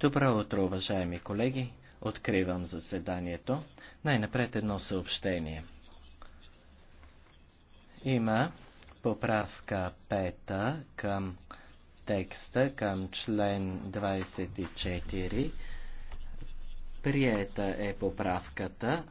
Добро утро, уважаеми колеги! Откривам заседанието. Най-напред едно съобщение. Има поправка пета към текста, към член 24. Приета е поправката.